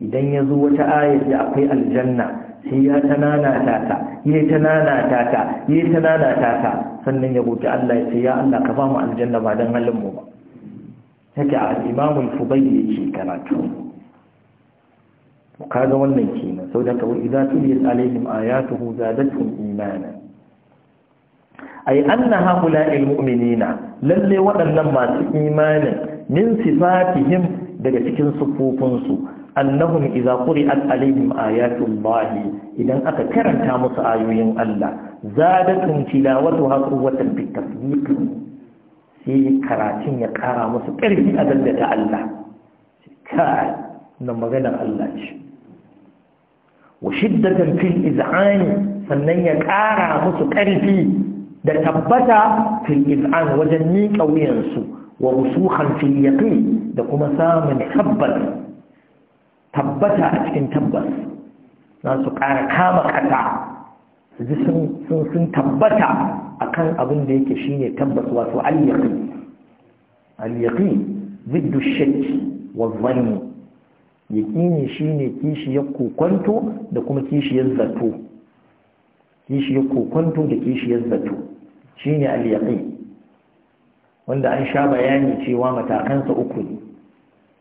idan zo wata ayar akwai aljanna sai ya tanana tata ya tanana tata ya tanana tata sannan ya roki Allah ya ce ya Allah ka ba mu aljanna ba don halin mu ba yake al'imamun fubayi ce karatu kaga wannan kenan sau da kawai idan tuliyar alaihim ayatuhu zadatun imana ay anna haula'il mu'minina lalle waɗannan masu imanin min sifatihim daga cikin sufufunsu annahum kuri quri'at alaihim ayatullahi idan aka karanta musu ayoyin Allah zadatun tilawatuha quwwatan bitasdiqin sai karatun ya kara musu ƙarfi a dandata Allah kai na maganar Allah ce wa shiddatan fil iz'ani sannan ya kara musu ƙarfi da tabbata fil iz'an wajen ni su wa rusukhan fil yaqin da kuma samun tabbata tabbata a cikin tabbas za su ƙara kama ƙasa ji sun tabbata akan abin da yake shine tabbas wato al-yaqin al-yaqin ziddu shakki wa dhanni yaqini shine kishiyar kokonto da kuma kishiyar zato kishiyar kokonto da kishiyar zato shine al-yaqin wanda an sha bayani cewa matakansa uku ne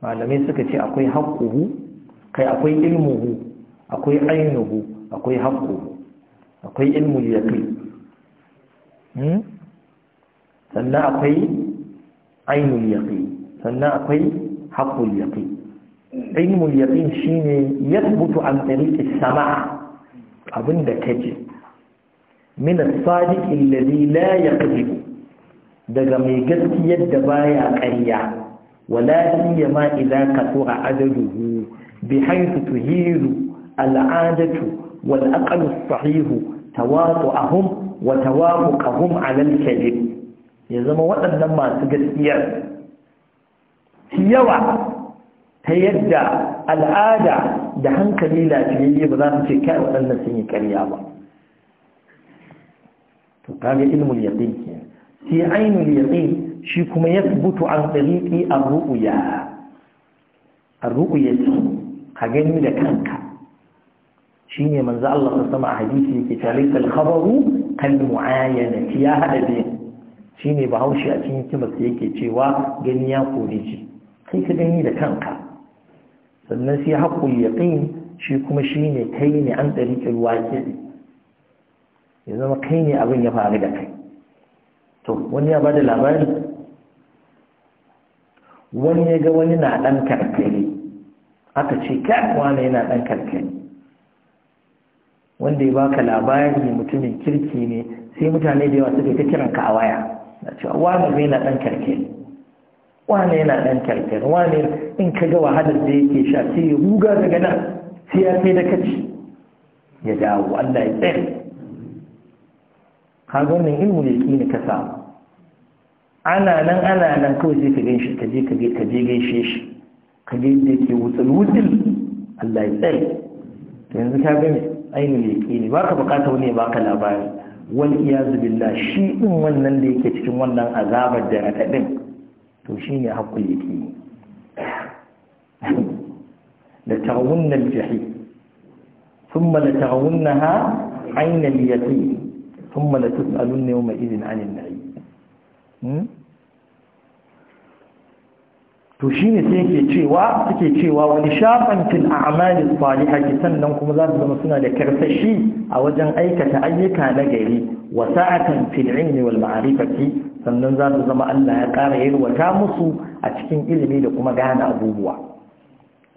malamai suka ce akwai haqquhu kai akwai ilmuhu akwai ainuhu akwai haqquhu akwai ilmul yaqin Hmm? sannan akwai ainul yaƙi, sannan akwai haqqul yaƙi. ilmul yaqin shine mutu an tariqis sama' abinda kaje min as-sadiq alladhi la yaqdib daga mai gaskiyar da baya ƙarya wala siyama idza kathura adaduhu bihaythu tuhiru al'adatu adatu wal aqlu as-sahih wa tawafuqahum 'ala al-kadhib ya zama waɗannan masu gaskiyar yawa ta yadda al'ada da hankali lafiyayye ba za su ce kai waɗannan sun yi ƙarya ba to kaga ilmul yaqin ke sai ainul yaqin shi kuma yasbutu an tariqi ar-ru'ya ar-ru'ya ka gani da kanka shine manzo Allah sama a hadisi yake cewa al-khabaru kalmu'ayyana ya haɗa biyan shi ne bahaushe a cikin hikimarsa yake cewa gani ya kore ji kai ka gani da kanka sannan sai haƙul yaƙin shi kuma shi ne kai ne an ɗari ruwa ke ya zama kai ne abin ya faru da kai to wani ya bada labari wani ya ga wani na ɗan karkare aka ce kai wani yana ɗan karkare wanda ya baka labari mutumin kirki ne sai mutane da yawa suka ta kiran ka a waya na cewa wani zai na ɗan karke wani yana ɗan karke wani in ka ga wahalar da yake sha sai ya ruga daga nan sai ya sai da kaci ya dawo Allah ya tsaye kaga wannan ilmu ne kini ka samu ana nan ana nan kawai sai ka ganshi ka je ka je ka je gaishe shi ka je da ke wutsul wutsul Allah ya tsaye yanzu ka gani ainihin yaƙini ne baka bukata wani ya baka labari wal iyazu billah shi din wannan da yake cikin wannan azabar da raka din to shine haƙƙul ne da tarawunna al-jahim ثم لترونها عين اليقين ثم لتسألن يومئذ عن النعيم to shi ne sai yake cewa suke cewa wani shafantin a'malin haki sannan kuma za su zama suna da karsashi a wajen aikata ayyuka na gari wa sa'atan fil ilmi wal ma'rifati sannan za su zama Allah ya ƙara yarwata musu a cikin ilimi da kuma gane abubuwa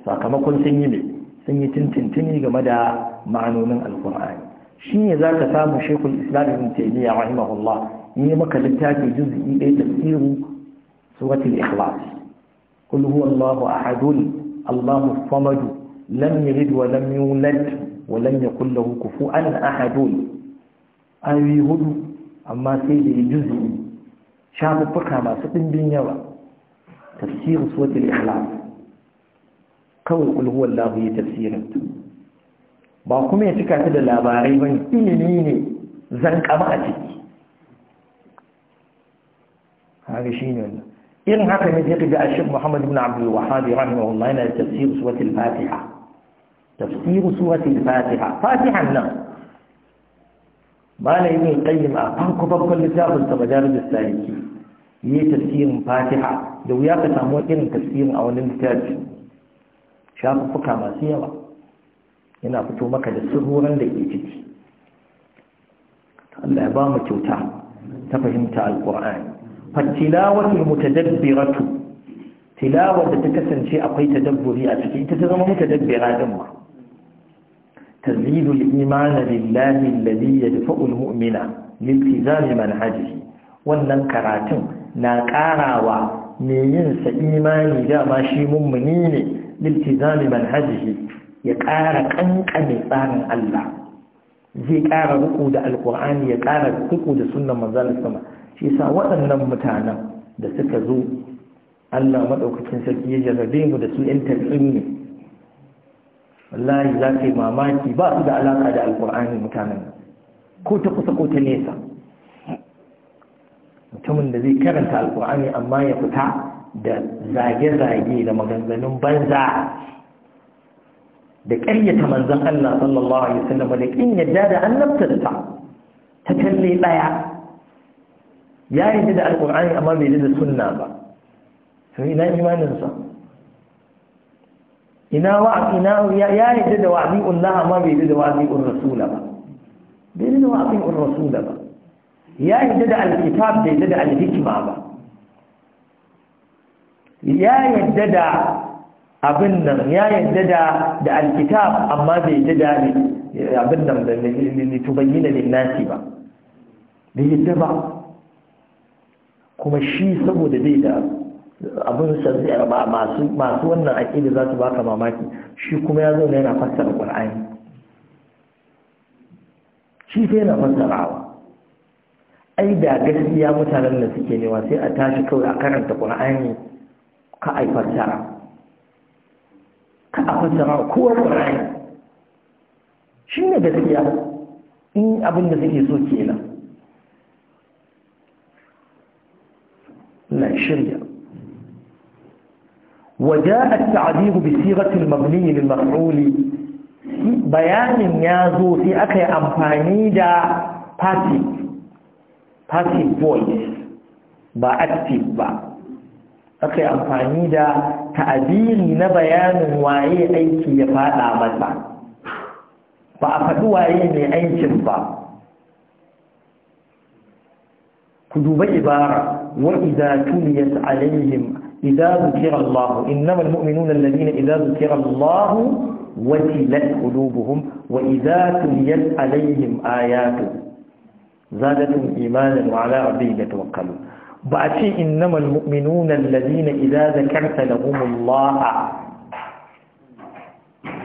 sakamakon sun yi sun yi tintintini game da ma'anonin alkur'ani shi ne za ka samu shekul islam ibn taymiya rahimahullah yi maka littafi juz'i ɗaya tafsiru suratul ikhlas قل هو الله أحد الله الصمد لم يلد ولم يولد ولم يقل له كفوا أحد أي هدو أما سيدي جزئي شاب بكى ما سبن بن يوى تفسير سورة الإخلاص قول قل هو الله هي تفسير ba kuma ya cika ta da labarai ba ilimi ne zan kama a ciki haka shi ne wannan irin haka ne sai kaji ashir muhammad ibn abdul wahhab rahimahullah yana tafsir suratul fatiha tafsir fatiha fatihan nan malai ibn qayyim a farko farkon littafin sa madarij saliki yi tafsirin fatiha da wuya ka samu irin tafsirin a wani littafi shafuffuka masu yawa yana fito maka da sirrorin da ke ciki Allah ya ba mu kyauta ta fahimta alƙur'ani fattilawatul mutadabbiratu tilawar da ta kasance akwai tadabburi a ciki ita ta zama mutadabbira din ma تزيد Imana بالله الذي يدفع المؤمن لالتزام منهجه wannan karatun na karawa mai yin sa imani dama shi mummuni ne liltizami manhajihi ya kara kankane tsarin Allah zai kara ruku da alkur'ani ya kara ruku da sunnan manzon sama shi sa waɗannan mutanen da suka zo Allah maɗaukacin sarki ya jarrabe mu da su ‘yan tarƙin ne wallahi za ka yi mamaki ba su da alaƙa da alƙur'ani mutanen ko ta kusa ko ta nesa mutumin da zai karanta alƙur'ani amma ya fita da zage-zage da maganganun banza da ƙaryata manzan Allah sallallahu Alaihi wasallam da ƙin yadda da annabtarsa ta talle ɗaya ya yi da alƙur'ani amma bai yi da sunna ba sai ina imaninsa ina wa ina ya yi da wa'di'ullah amma bai yi da wa'di'ur rasula ba bai yi da rasula ba ya yi da alkitab bai yi da alhikma ba ya yadda da abin nan ya da da alkitab amma bai yadda da abin nan da tubayyana linnasi ba bai yadda ba kuma shi saboda zai da abin shari'a ba masu wannan aƙida za su baka mamaki shi kuma ya zo yana fassara ƙur'ani shi sai yana fassarawa ai da gaskiya mutanen da suke newa sai a tashi kawai a karanta ƙur'ani ka a fassara ka a fassara kowa ƙur'ani shi ne gaskiya in abin da suke so kenan shirya وجاء التعبير بصيغة المبني للمفعول bayanin ya zo sai aka yi amfani da passive passive voice ba active ba aka yi amfani da ta'abiri na bayanin waye aiki ya faɗa masa ba a faɗi waye mai aikin ba ku duba ibara وإذا تليت عليهم إذا ذكر الله إنما المؤمنون الذين إذا ذكر الله وجلت قلوبهم وإذا تليت عليهم آياته زادتهم إيمانا وعلى ربهم يتوكلون بأشي إنما المؤمنون الذين إذا ذكرت لهم الله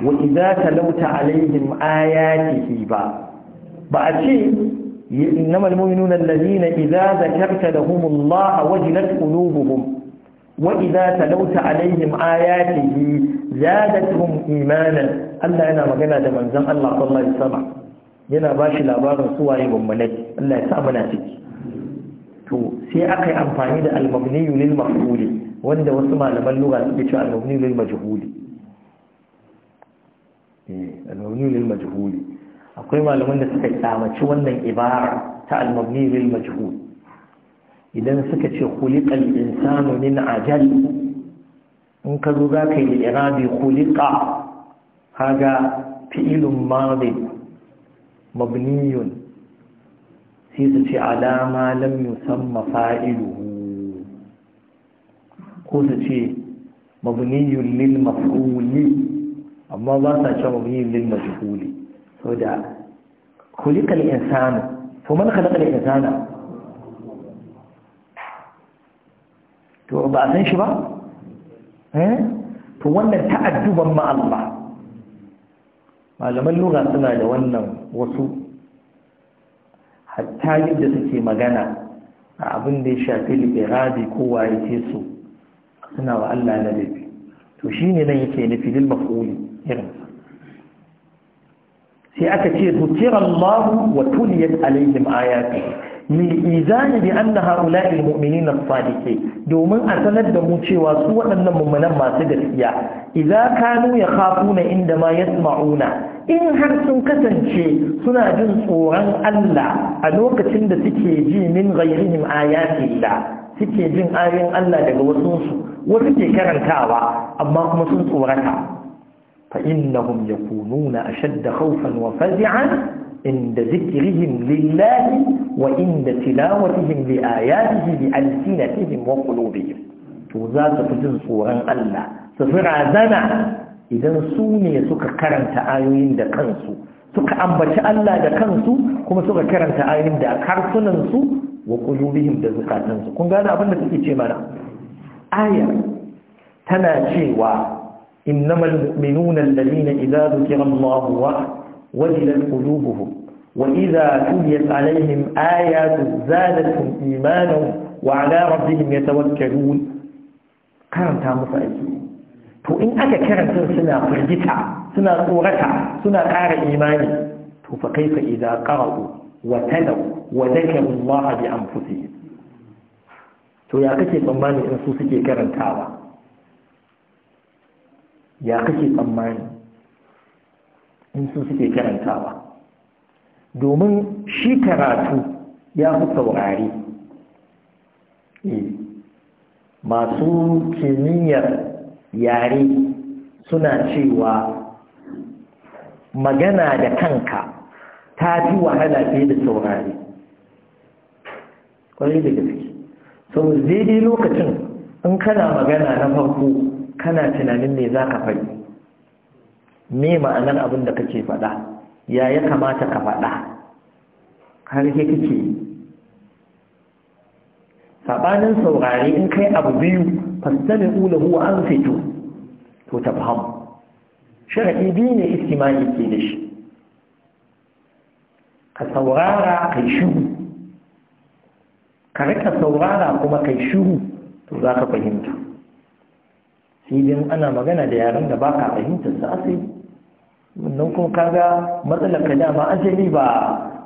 وإذا تلوت عليهم آياته با بأشي إنما المؤمنون الذين إذا ذكرت لهم الله وجلت قلوبهم وإذا تلوت عليهم آياته زادتهم إيمانا ألا أنا مغنى دمان زم الله صلى الله عليه وسلم ينا باشي لابار سوى يبن ملك ألا يسامنا فيك تو سي أقي أنفاني ده المبني للمفعول وان ده وسمع لما اللغة تبتشع المبني للمجهول المبني للمجهول akwai malaman da suka tsamaci wannan ibara ta al lil majhul idan suka ce khuliqal insanu min ajal in ka zo za ka yi irabi khuliqa haga fi'ilun madi mabniyun sai su ce alama lam yusamma fa'iluhu ko su ce mabniyun lil maf'uli amma ba sa ce mabniyun lil majhuli so da kulikal insanu to man khalaqal insana to ba san shi ba eh to wannan ta'adduban ma Allah malaman lugha suna da wannan wasu hatta yadda suke magana a abin da ya shafi al-iradi ko waye ce su suna wa Allah na laifi. to shine nan yake nufi lil maf'uli irin sai aka ce zukiran Allahu wa tuliyat alaihim ayati li izani bi anna haula'i almu'minin as-sadiqin domin a sanar da mu cewa su waɗannan mummunan masu gaskiya idza kanu yakhafuna inda ma yasma'una in har sun kasance suna jin tsoron Allah a lokacin da suke ji min ghayrihim ayatillah suke jin ayoyin Allah daga wasu wasu ke karantawa amma kuma sun tsorata فإنهم يكونون أشد خوفا وفزعا عند ذكرهم لله وعند تلاوتهم لآياته بألسنتهم وقلوبهم توزات فجن صورا ألا سفر زنا إذا سوني سك كرنت آيوين دا كنسو سك أنبت ألا دا كنسو كما سك كرنت آيوين دا كرسننسو وقلوبهم دا زكاتنسو كن قال أبنى تكي تيمانا آية تنا شيء إنما المؤمنون الذين إذا ذكر الله وجلت قلوبهم وإذا تليت عليهم آيات زادتهم إيمانا وعلى ربهم يتوكلون كرمت مصائب to in aka karanta suna firgita suna tsorata suna ƙara imani to fa kaifa idza qara'u wa talaw wa dhakaru Allah bi anfusihim to ya kake tsammani in su suke karantawa ya kake tsammani in su suke karantawa domin shi karatu ya fi saurari eh, masu kimiyyar yare suna cewa magana da kanka ta fi wahala fiye da saurari kwarai da gaske sau daidai lokacin in kana magana na farko kana tunanin ne za ka faɗi me ma'anar abin da kake faɗa ya ya kamata ka faɗa har ke kake saɓanin saurari in kai abu biyu fassani ula huwa an fito to ta fahimu biyu ne istimani ke da shi ka saurara kai shiru ka rika saurara kuma kai shiru to za ka fahimta sai dai ana magana da yaren da baka fahimtar su asali wannan kuma kaga matsalar ka dama asali ba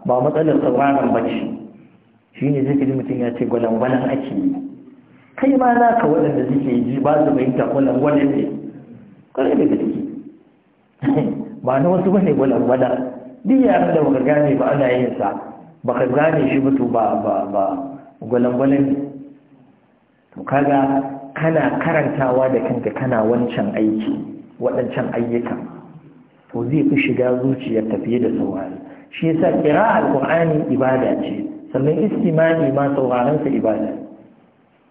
ba matsalar sauraron bace shine zai kaji mutum ya ce gwalangwalan ake yi kai ma na ka waɗanda suke ji ba su fahimta gwalangwalan ne kare da ciki ba na wasu bane gwalangwalan duk yaran da baka gane ba ana yin sa baka gane shi ba to ba ba ba gwalangwalan ne to kaga kana karantawa da kanka kana wancan aiki waɗancan ayyukan. to zai fi shiga zuciyar tafiye da saurari shi yasa kira alƙur'ani ibada ce sannan istimani ma saurarensa ibada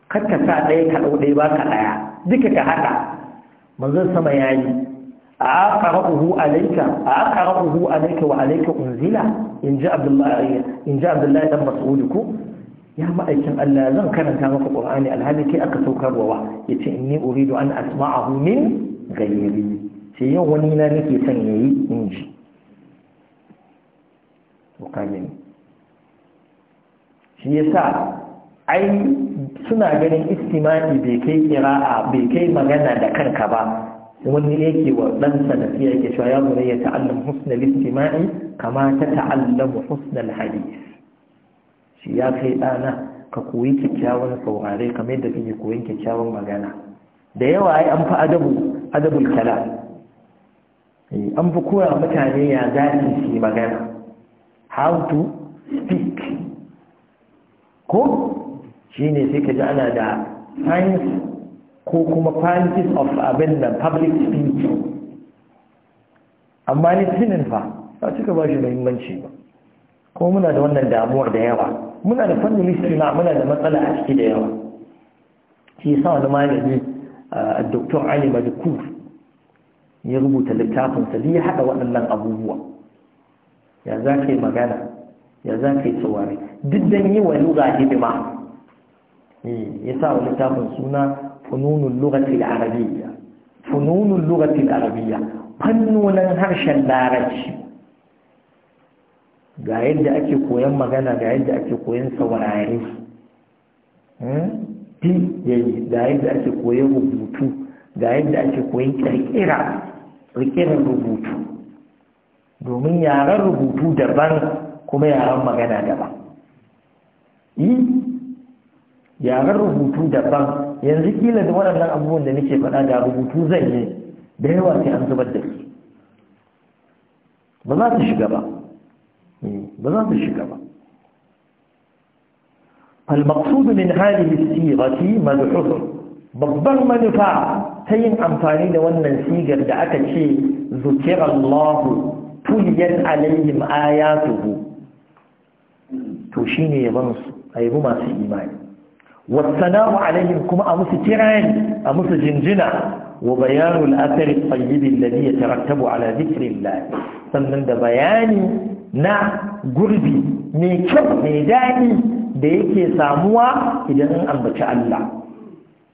kar ka sa ɗaya ka ɗau ɗaya baka ɗaya duka ka haɗa manzon sama ya yi a aqra'uhu alayka a aqra'uhu alayka wa alaika unzila in ji abdullahi in ji abdullahi dan mas'ud ku ya ma'aikin Allah zan karanta maka Qur'ani alhali kai aka saukarwa wa yace inni uridu an asma'ahu min ghayri sai yau wani na nake son yayi inji ji to kage shi yasa ai suna ganin istima'i bai kai kira'a bai kai magana da kanka ba wani yake wa ɗansa da siya yake cewa ya ya ta'allam husnal istima'i kama ta ta'allamu husnal hadith shi ya kai ɗana ka koyi kyakkyawan saurare kamar yadda kake koyon kyakkyawan magana da yawa ai an fi adabu adabul kalam eh, an fi koya mutane ya zaɓi su magana how to speak ko shi ne sai ka ji ana da science ko kuma practice of abin da public speech amma listening fa ba cika ba shi muhimmanci ba ko muna da wannan damuwar da yawa muna da fannin istina muna da matsala a ciki da yawa shi sa wani malami a ah, doktor ali madukur ya rubuta littafin da ya haɗa waɗannan abubuwa ya za ka yi magana ya za ka yi tsawari duk don yi wa lura hidima eh, ya sa wani littafin suna fununun lugatil arabiyya fununun lugatil arabiyya fannonin harshen larabci ga yadda ake koyan magana ga yadda ake koyan saurare hmm? yayi ga yadda ake koyan rubutu ga yadda ake koyan kirkira kirkirar rubutu domin yaren rubutu daban kuma yaren magana daban yaren rubutu daban yanzu kila da waɗannan abubuwan da nake faɗa da rubutu zan yi da yawa sai an zubar da su ba za su shiga ba Hmm. ba za su shiga ba المقصود من هذه السيغة مدحوظ babbar manufa ta yin amfani da wannan sigar da aka ce zukirallahu tuliyar alayhim ayatuhu to shine yaban su ayyuhu masu imani wasanahu alayhim kuma a musu kirani a musu jinjina wa bayanul athari ya alladhi yatarattabu ala dhikrillah sannan da bayani na gurbi mai kyau mai daɗi da yake samuwa idan an ambaci Allah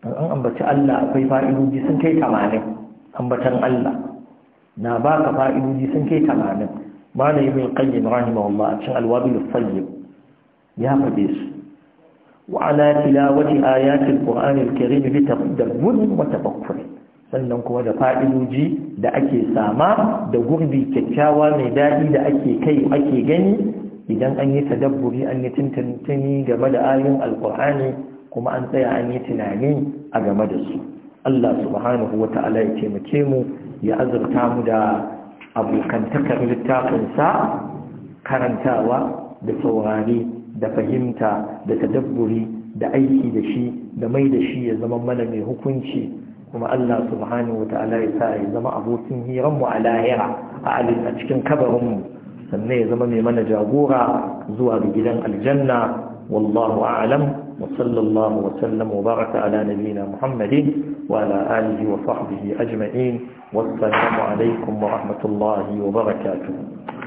an ambaci Allah akwai fa’iluji sun kai tamanin ambatan Allah na baka fa’iluji sun kai tamanin mara ne qayyim a cin alwabil tayyib ya faɗe su وعلى تلاوة bi ta الكريم wata bakwai sannan kuma da fa'idoji da ake sama da gurbi kyakkyawa mai daɗi da ake kai ake gani idan an yi tadabburi an yi tintintini game da ayoyin alkur'ani kuma an tsaya an yi tunani a game da su Allah subhanahu wa ta'ala ya taimake mu ya azurta mu da abokantakar littafinsa karantawa da saurari da fahimta da tadabburi da aiki da shi da mai da shi ya zama mana mai hukunci kuma Allah subhanahu wata'ala ya sa ya zama abokin hiranmu mu a lahira a a cikin kabarin mu sannan ya zama mai mana jagora zuwa ga gidan aljanna wallahu a'lam wa sallallahu wa sallam wa baraka ala nabiyyina muhammadin wa ala alihi wa sahbihi ajma'in wassalamu alaikum wa rahmatullahi wa barakatuh